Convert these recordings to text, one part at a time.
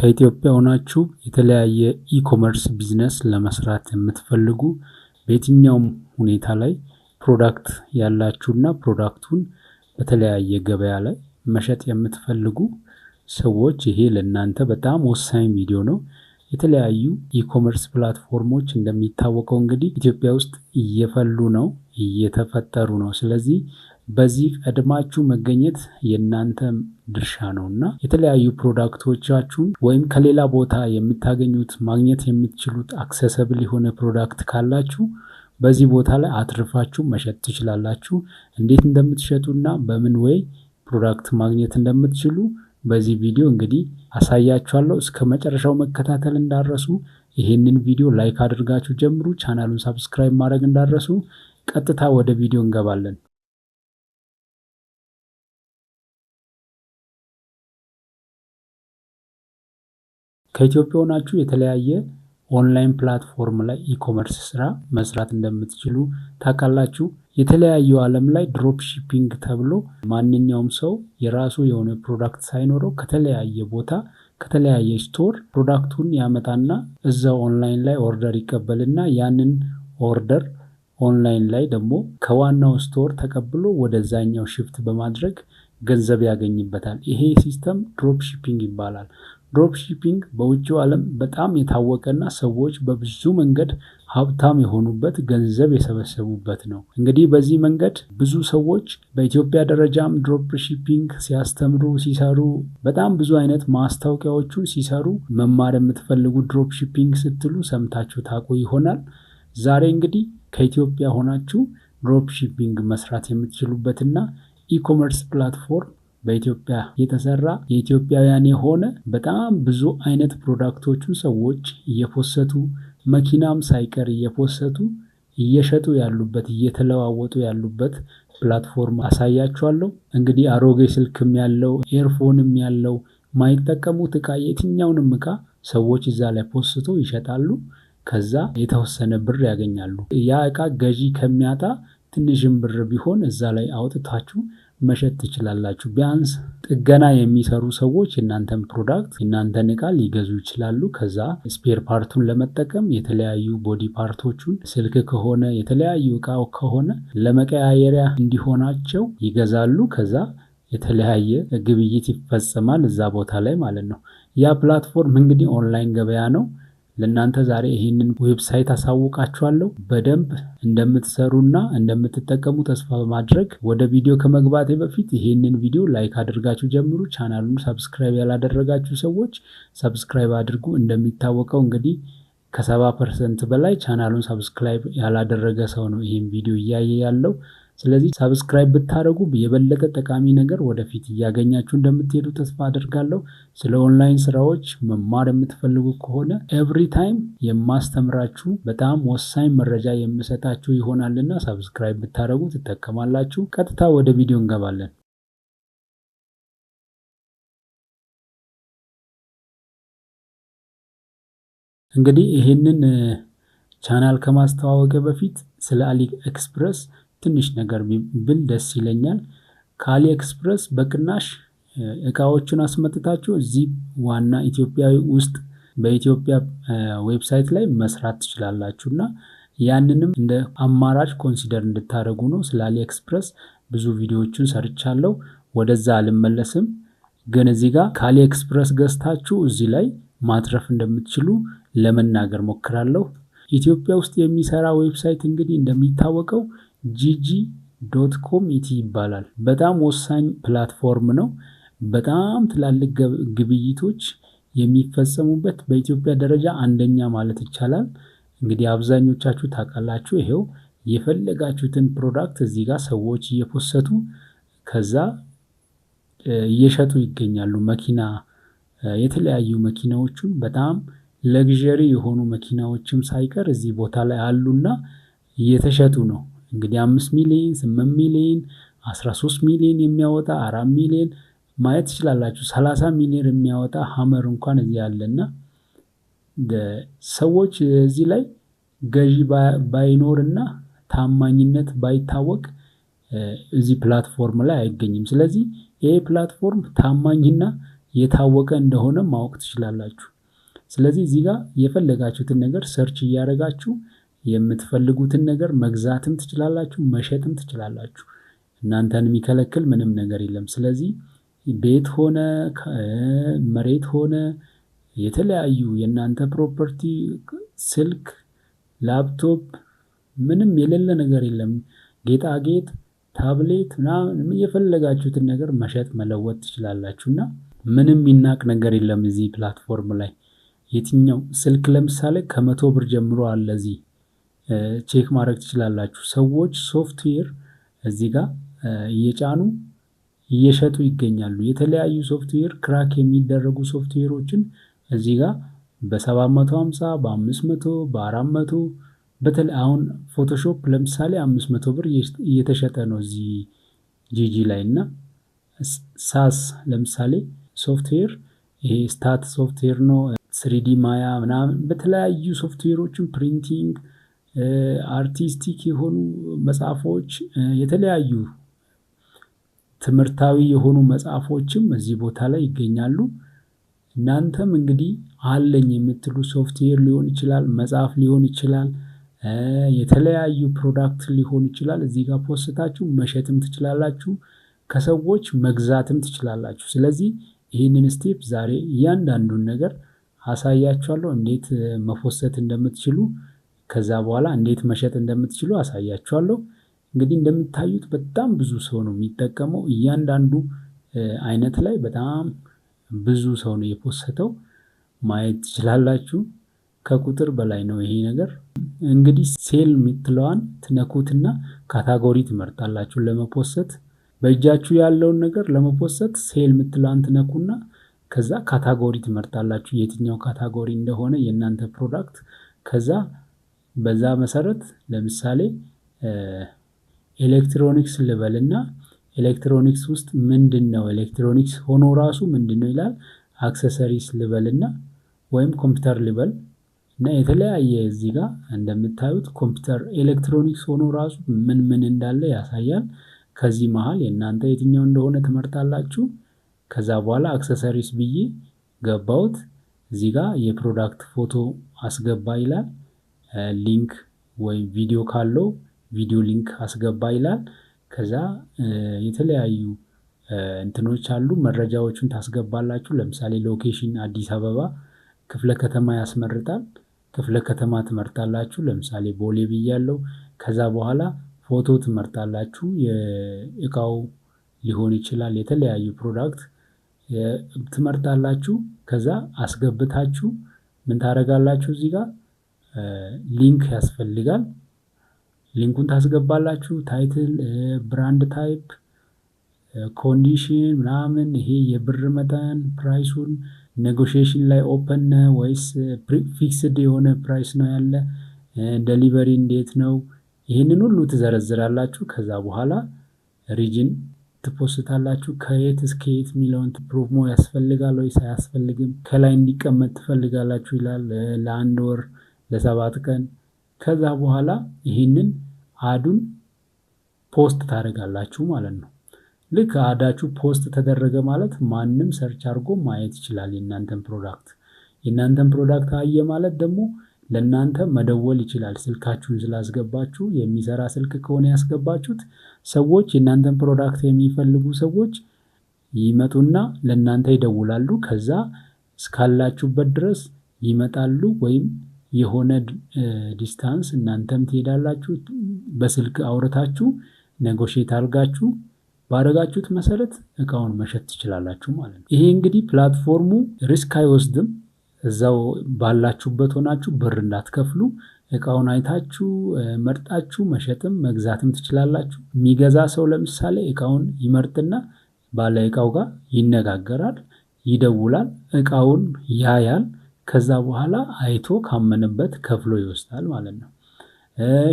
ከኢትዮጵያ ሆናችሁ የተለያየ ኢኮመርስ ቢዝነስ ለመስራት የምትፈልጉ በየትኛውም ሁኔታ ላይ ፕሮዳክት ያላችሁና ፕሮዳክቱን በተለያየ ገበያ ላይ መሸጥ የምትፈልጉ ሰዎች ይሄ ለእናንተ በጣም ወሳኝ ቪዲዮ ነው። የተለያዩ ኢኮመርስ ፕላትፎርሞች እንደሚታወቀው እንግዲህ ኢትዮጵያ ውስጥ እየፈሉ ነው፣ እየተፈጠሩ ነው። ስለዚህ በዚህ ቀድማችሁ መገኘት የእናንተ ድርሻ ነው እና የተለያዩ ፕሮዳክቶቻችሁን ወይም ከሌላ ቦታ የምታገኙት ማግኘት የምትችሉት አክሰሰብል የሆነ ፕሮዳክት ካላችሁ በዚህ ቦታ ላይ አትርፋችሁ መሸጥ ትችላላችሁ። እንዴት እንደምትሸጡ እና በምን ወይ ፕሮዳክት ማግኘት እንደምትችሉ በዚህ ቪዲዮ እንግዲህ አሳያችኋለሁ። እስከ መጨረሻው መከታተል እንዳረሱ። ይህንን ቪዲዮ ላይክ አድርጋችሁ ጀምሩ። ቻናሉን ሳብስክራይብ ማድረግ እንዳረሱ። ቀጥታ ወደ ቪዲዮ እንገባለን። ከኢትዮጵያ ሆናችሁ የተለያየ ኦንላይን ፕላትፎርም ላይ ኢኮመርስ ስራ መስራት እንደምትችሉ ታውቃላችሁ። የተለያዩ ዓለም ላይ ድሮፕ ሺፒንግ ተብሎ ማንኛውም ሰው የራሱ የሆነ ፕሮዳክት ሳይኖረው ከተለያየ ቦታ ከተለያየ ስቶር ፕሮዳክቱን ያመጣና እዛው ኦንላይን ላይ ኦርደር ይቀበልና ያንን ኦርደር ኦንላይን ላይ ደግሞ ከዋናው ስቶር ተቀብሎ ወደዛኛው ሽፍት በማድረግ ገንዘብ ያገኝበታል። ይሄ ሲስተም ድሮፕ ሺፒንግ ይባላል። ድሮፕሺፒንግ በውጭው ዓለም በጣም የታወቀና ሰዎች በብዙ መንገድ ሀብታም የሆኑበት ገንዘብ የሰበሰቡበት ነው። እንግዲህ በዚህ መንገድ ብዙ ሰዎች በኢትዮጵያ ደረጃም ድሮፕሺፒንግ ሲያስተምሩ ሲሰሩ፣ በጣም ብዙ አይነት ማስታወቂያዎቹን ሲሰሩ መማር የምትፈልጉ ድሮፕሺፒንግ ስትሉ ሰምታችሁ ታውቁ ይሆናል። ዛሬ እንግዲህ ከኢትዮጵያ ሆናችሁ ድሮፕሺፒንግ መስራት የምትችሉበትና ኢኮመርስ ፕላትፎርም በኢትዮጵያ የተሰራ የኢትዮጵያውያን የሆነ በጣም ብዙ አይነት ፕሮዳክቶቹን ሰዎች እየፖሰቱ መኪናም ሳይቀር እየፖሰቱ እየሸጡ ያሉበት እየተለዋወጡ ያሉበት ፕላትፎርም አሳያችኋለሁ። እንግዲህ አሮጌ ስልክም ያለው ኤርፎንም ያለው ማይጠቀሙት እቃ የትኛውንም እቃ ሰዎች እዛ ላይ ፖስቶ ይሸጣሉ። ከዛ የተወሰነ ብር ያገኛሉ። ያ እቃ ገዢ ከሚያጣ ትንሽም ብር ቢሆን እዛ ላይ አውጥታችሁ መሸጥ ትችላላችሁ። ቢያንስ ጥገና የሚሰሩ ሰዎች የእናንተን ፕሮዳክት የእናንተን እቃ ሊገዙ ይችላሉ። ከዛ ስፔር ፓርቱን ለመጠቀም የተለያዩ ቦዲ ፓርቶቹን ስልክ ከሆነ የተለያዩ እቃ ከሆነ ለመቀያየሪያ እንዲሆናቸው ይገዛሉ። ከዛ የተለያየ ግብይት ይፈጸማል እዛ ቦታ ላይ ማለት ነው። ያ ፕላትፎርም እንግዲህ ኦንላይን ገበያ ነው። ለእናንተ ዛሬ ይህንን ዌብሳይት አሳውቃችኋለሁ። በደንብ እንደምትሰሩና እንደምትጠቀሙ ተስፋ በማድረግ ወደ ቪዲዮ ከመግባቴ በፊት ይህንን ቪዲዮ ላይክ አድርጋችሁ ጀምሩ። ቻናሉን ሰብስክራይብ ያላደረጋችሁ ሰዎች ሰብስክራይብ አድርጉ። እንደሚታወቀው እንግዲህ ከሰባ ፐርሰንት በላይ ቻናሉን ሰብስክራይብ ያላደረገ ሰው ነው ይህን ቪዲዮ እያየ ያለው። ስለዚህ ሰብስክራይብ ብታደረጉ የበለጠ ጠቃሚ ነገር ወደፊት እያገኛችሁ እንደምትሄዱ ተስፋ አድርጋለሁ ስለ ኦንላይን ስራዎች መማር የምትፈልጉ ከሆነ ኤቭሪ ታይም የማስተምራችሁ በጣም ወሳኝ መረጃ የምሰጣችሁ ይሆናልና ሰብስክራይብ ብታደረጉ ትጠቀማላችሁ። ቀጥታ ወደ ቪዲዮ እንገባለን። እንግዲህ ይህንን ቻናል ከማስተዋወቅ በፊት ስለ አሊ ኤክስፕረስ ትንሽ ነገር ብል ደስ ይለኛል። ከአሊኤክስፕረስ ኤክስፕረስ በቅናሽ እቃዎችን አስመጥታችሁ እዚህ ዋና ኢትዮጵያዊ ውስጥ በኢትዮጵያ ዌብሳይት ላይ መስራት ትችላላችሁ እና ያንንም እንደ አማራጭ ኮንሲደር እንድታደረጉ ነው። ስለ አሊ ኤክስፕረስ ብዙ ቪዲዮዎችን ሰርቻለሁ። ወደዛ አልመለስም። ግን እዚህ ጋር ከአሊኤክስፕረስ ኤክስፕረስ ገዝታችሁ እዚህ ላይ ማትረፍ እንደምትችሉ ለመናገር ሞክራለሁ። ኢትዮጵያ ውስጥ የሚሰራ ዌብሳይት እንግዲህ እንደሚታወቀው ጂጂ ዶት ኮም ኢቲ ይባላል። በጣም ወሳኝ ፕላትፎርም ነው። በጣም ትላልቅ ግብይቶች የሚፈጸሙበት በኢትዮጵያ ደረጃ አንደኛ ማለት ይቻላል። እንግዲህ አብዛኞቻችሁ ታውቃላችሁ። ይሄው የፈለጋችሁትን ፕሮዳክት እዚህ ጋር ሰዎች እየፖሰቱ ከዛ እየሸጡ ይገኛሉ። መኪና የተለያዩ መኪናዎቹን በጣም ለግዠሪ የሆኑ መኪናዎችም ሳይቀር እዚህ ቦታ ላይ አሉና እየተሸጡ ነው። እንግዲህ አምስት ሚሊዮን ስምንት ሚሊዮን አስራ ሶስት ሚሊዮን የሚያወጣ አራት ሚሊዮን ማየት ትችላላችሁ። ሰላሳ ሚሊዮን የሚያወጣ ሀመር እንኳን እዚህ አለና ሰዎች እዚህ ላይ ገዢ ባይኖርና ታማኝነት ባይታወቅ እዚህ ፕላትፎርም ላይ አይገኝም። ስለዚህ ይሄ ፕላትፎርም ታማኝና የታወቀ እንደሆነ ማወቅ ትችላላችሁ። ስለዚህ እዚህ ጋር የፈለጋችሁትን ነገር ሰርች እያደረጋችሁ የምትፈልጉትን ነገር መግዛትም ትችላላችሁ፣ መሸጥም ትችላላችሁ። እናንተን የሚከለክል ምንም ነገር የለም። ስለዚህ ቤት ሆነ መሬት ሆነ የተለያዩ የእናንተ ፕሮፐርቲ፣ ስልክ፣ ላፕቶፕ ምንም የሌለ ነገር የለም። ጌጣጌጥ፣ ታብሌት ምናምን የፈለጋችሁትን ነገር መሸጥ መለወጥ ትችላላችሁ እና ምንም የሚናቅ ነገር የለም እዚህ ፕላትፎርም ላይ የትኛው ስልክ ለምሳሌ ከመቶ ብር ጀምሮ አለ እዚህ ቼክ ማድረግ ትችላላችሁ። ሰዎች ሶፍትዌር እዚህ ጋር እየጫኑ እየሸጡ ይገኛሉ። የተለያዩ ሶፍትዌር ክራክ የሚደረጉ ሶፍትዌሮችን እዚህ ጋር በ750 በ500 በ400 በተለይ አሁን ፎቶሾፕ ለምሳሌ 500 ብር እየተሸጠ ነው እዚህ ጂጂ ላይ እና ሳስ ለምሳሌ ሶፍትዌር ይሄ ስታት ሶፍትዌር ነው። ስሪዲ ማያ ምናምን በተለያዩ ሶፍትዌሮችን ፕሪንቲንግ አርቲስቲክ የሆኑ መጽሐፎች፣ የተለያዩ ትምህርታዊ የሆኑ መጽሐፎችም እዚህ ቦታ ላይ ይገኛሉ። እናንተም እንግዲህ አለኝ የምትሉ ሶፍትዌር ሊሆን ይችላል፣ መጽሐፍ ሊሆን ይችላል፣ የተለያዩ ፕሮዳክት ሊሆን ይችላል። እዚህ ጋር ፖስታችሁ መሸጥም ትችላላችሁ፣ ከሰዎች መግዛትም ትችላላችሁ። ስለዚህ ይህንን ስቴፕ ዛሬ እያንዳንዱን ነገር አሳያችኋለሁ እንዴት መፎሰት እንደምትችሉ ከዛ በኋላ እንዴት መሸጥ እንደምትችሉ አሳያችኋለሁ። እንግዲህ እንደምታዩት በጣም ብዙ ሰው ነው የሚጠቀመው። እያንዳንዱ አይነት ላይ በጣም ብዙ ሰው ነው የፖሰተው ማየት ትችላላችሁ። ከቁጥር በላይ ነው ይሄ ነገር። እንግዲህ ሴል የምትለዋን ትነኩትና ካታጎሪ ትመርጣላችሁ ለመፖሰት በእጃችሁ ያለውን ነገር ለመፖሰት ሴል የምትለዋን ትነኩና ከዛ ካታጎሪ ትመርጣላችሁ የትኛው ካታጎሪ እንደሆነ የእናንተ ፕሮዳክት ከዛ በዛ መሰረት ለምሳሌ ኤሌክትሮኒክስ ልበልና ኤሌክትሮኒክስ ውስጥ ምንድን ነው ኤሌክትሮኒክስ ሆኖ ራሱ ምንድን ነው ይላል። አክሰሰሪስ ልበልና ወይም ኮምፒውተር ልበል እና የተለያየ እዚህ ጋር እንደምታዩት ኮምፒውተር ኤሌክትሮኒክስ ሆኖ ራሱ ምን ምን እንዳለ ያሳያል። ከዚህ መሀል የእናንተ የትኛው እንደሆነ ትመርጣላችሁ። ከዛ በኋላ አክሰሰሪስ ብዬ ገባሁት። እዚህ ጋር የፕሮዳክት ፎቶ አስገባ ይላል። ሊንክ ወይ ቪዲዮ ካለው ቪዲዮ ሊንክ አስገባ ይላል። ከዛ የተለያዩ እንትኖች አሉ መረጃዎቹን ታስገባላችሁ። ለምሳሌ ሎኬሽን አዲስ አበባ ክፍለ ከተማ ያስመርጣል። ክፍለ ከተማ ትመርጣላችሁ። ለምሳሌ ቦሌ ብያለው። ከዛ በኋላ ፎቶ ትመርጣላችሁ። የእቃው ሊሆን ይችላል የተለያዩ ፕሮዳክት ትመርጣላችሁ። ከዛ አስገብታችሁ ምን ታደርጋላችሁ እዚህ ጋር ሊንክ ያስፈልጋል። ሊንኩን ታስገባላችሁ። ታይትል፣ ብራንድ ታይፕ፣ ኮንዲሽን ምናምን ይሄ የብር መጠን ፕራይሱን ኔጎሽሽን ላይ ኦፐን ነ ወይስ ፊክስድ የሆነ ፕራይስ ነው ያለ፣ ደሊቨሪ እንዴት ነው፣ ይህንን ሁሉ ትዘረዝራላችሁ። ከዛ በኋላ ሪጅን ትፖስታላችሁ። ከየት እስከ የት የሚለውን ፕሮሞ ያስፈልጋል ወይስ አያስፈልግም፣ ከላይ እንዲቀመጥ ትፈልጋላችሁ ይላል ለአንድ ወር ለሰባት ቀን ከዛ በኋላ ይህንን አዱን ፖስት ታደርጋላችሁ ማለት ነው። ልክ አዳችሁ ፖስት ተደረገ ማለት ማንም ሰርች አድርጎ ማየት ይችላል የእናንተን ፕሮዳክት። የእናንተን ፕሮዳክት አየ ማለት ደግሞ ለእናንተ መደወል ይችላል። ስልካችሁን ስላስገባችሁ የሚሰራ ስልክ ከሆነ ያስገባችሁት ሰዎች የእናንተን ፕሮዳክት የሚፈልጉ ሰዎች ይመጡና ለእናንተ ይደውላሉ። ከዛ እስካላችሁበት ድረስ ይመጣሉ ወይም የሆነ ዲስታንስ እናንተም ትሄዳላችሁ። በስልክ አውርታችሁ ኔጎሼት አድርጋችሁ ባደረጋችሁት መሰረት እቃውን መሸጥ ትችላላችሁ ማለት ነው። ይሄ እንግዲህ ፕላትፎርሙ ሪስክ አይወስድም። እዛው ባላችሁበት ሆናችሁ ብር እንዳትከፍሉ እቃውን አይታችሁ መርጣችሁ መሸጥም መግዛትም ትችላላችሁ። የሚገዛ ሰው ለምሳሌ እቃውን ይመርጥና ባለ እቃው ጋር ይነጋገራል፣ ይደውላል፣ እቃውን ያያል። ከዛ በኋላ አይቶ ካመነበት ከፍሎ ይወስዳል ማለት ነው።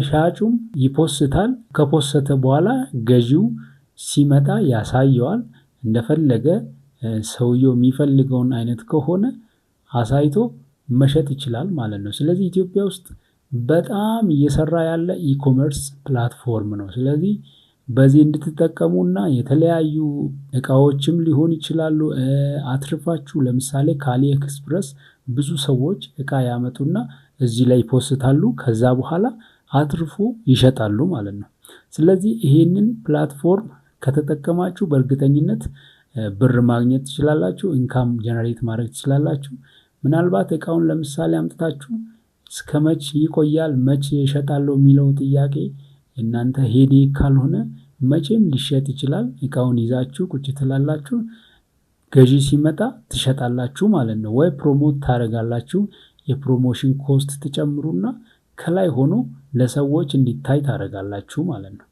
ሻጩም ይፖስታል። ከፖሰተ በኋላ ገዢው ሲመጣ ያሳየዋል። እንደፈለገ ሰውየው የሚፈልገውን አይነት ከሆነ አሳይቶ መሸጥ ይችላል ማለት ነው። ስለዚህ ኢትዮጵያ ውስጥ በጣም እየሰራ ያለ ኢኮመርስ ፕላትፎርም ነው። ስለዚህ በዚህ እንድትጠቀሙና የተለያዩ እቃዎችም ሊሆን ይችላሉ አትርፋችሁ ለምሳሌ ካሊ ኤክስፕረስ ብዙ ሰዎች እቃ ያመጡና እዚህ ላይ ይፖስታሉ። ከዛ በኋላ አትርፎ ይሸጣሉ ማለት ነው። ስለዚህ ይሄንን ፕላትፎርም ከተጠቀማችሁ በእርግጠኝነት ብር ማግኘት ትችላላችሁ፣ ኢንካም ጀነሬት ማድረግ ትችላላችሁ። ምናልባት እቃውን ለምሳሌ አምጥታችሁ እስከ መቼ ይቆያል፣ መቼ ይሸጣለሁ የሚለው ጥያቄ እናንተ ሄዴ ካልሆነ መቼም ሊሸጥ ይችላል። እቃውን ይዛችሁ ቁጭ ትላላችሁ። ገዢ ሲመጣ ትሸጣላችሁ ማለት ነው። ወይ ፕሮሞት ታደርጋላችሁ። የፕሮሞሽን ኮስት ትጨምሩና ከላይ ሆኖ ለሰዎች እንዲታይ ታደርጋላችሁ ማለት ነው።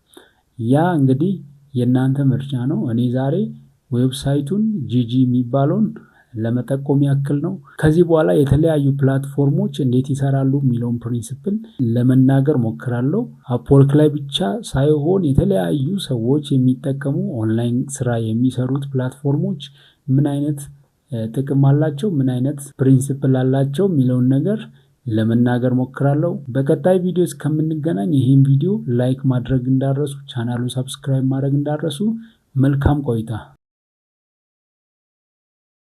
ያ እንግዲህ የእናንተ ምርጫ ነው። እኔ ዛሬ ዌብሳይቱን ጂጂ የሚባለውን ለመጠቆም ያክል ነው። ከዚህ በኋላ የተለያዩ ፕላትፎርሞች እንዴት ይሰራሉ የሚለውን ፕሪንስፕል ለመናገር ሞክራለሁ። አፕወርክ ላይ ብቻ ሳይሆን የተለያዩ ሰዎች የሚጠቀሙ ኦንላይን ስራ የሚሰሩት ፕላትፎርሞች ምን አይነት ጥቅም አላቸው፣ ምን አይነት ፕሪንስፕል አላቸው የሚለውን ነገር ለመናገር ሞክራለሁ። በቀጣይ ቪዲዮ እስከምንገናኝ ይህን ቪዲዮ ላይክ ማድረግ እንዳረሱ፣ ቻናሉ ሳብስክራይብ ማድረግ እንዳረሱ። መልካም ቆይታ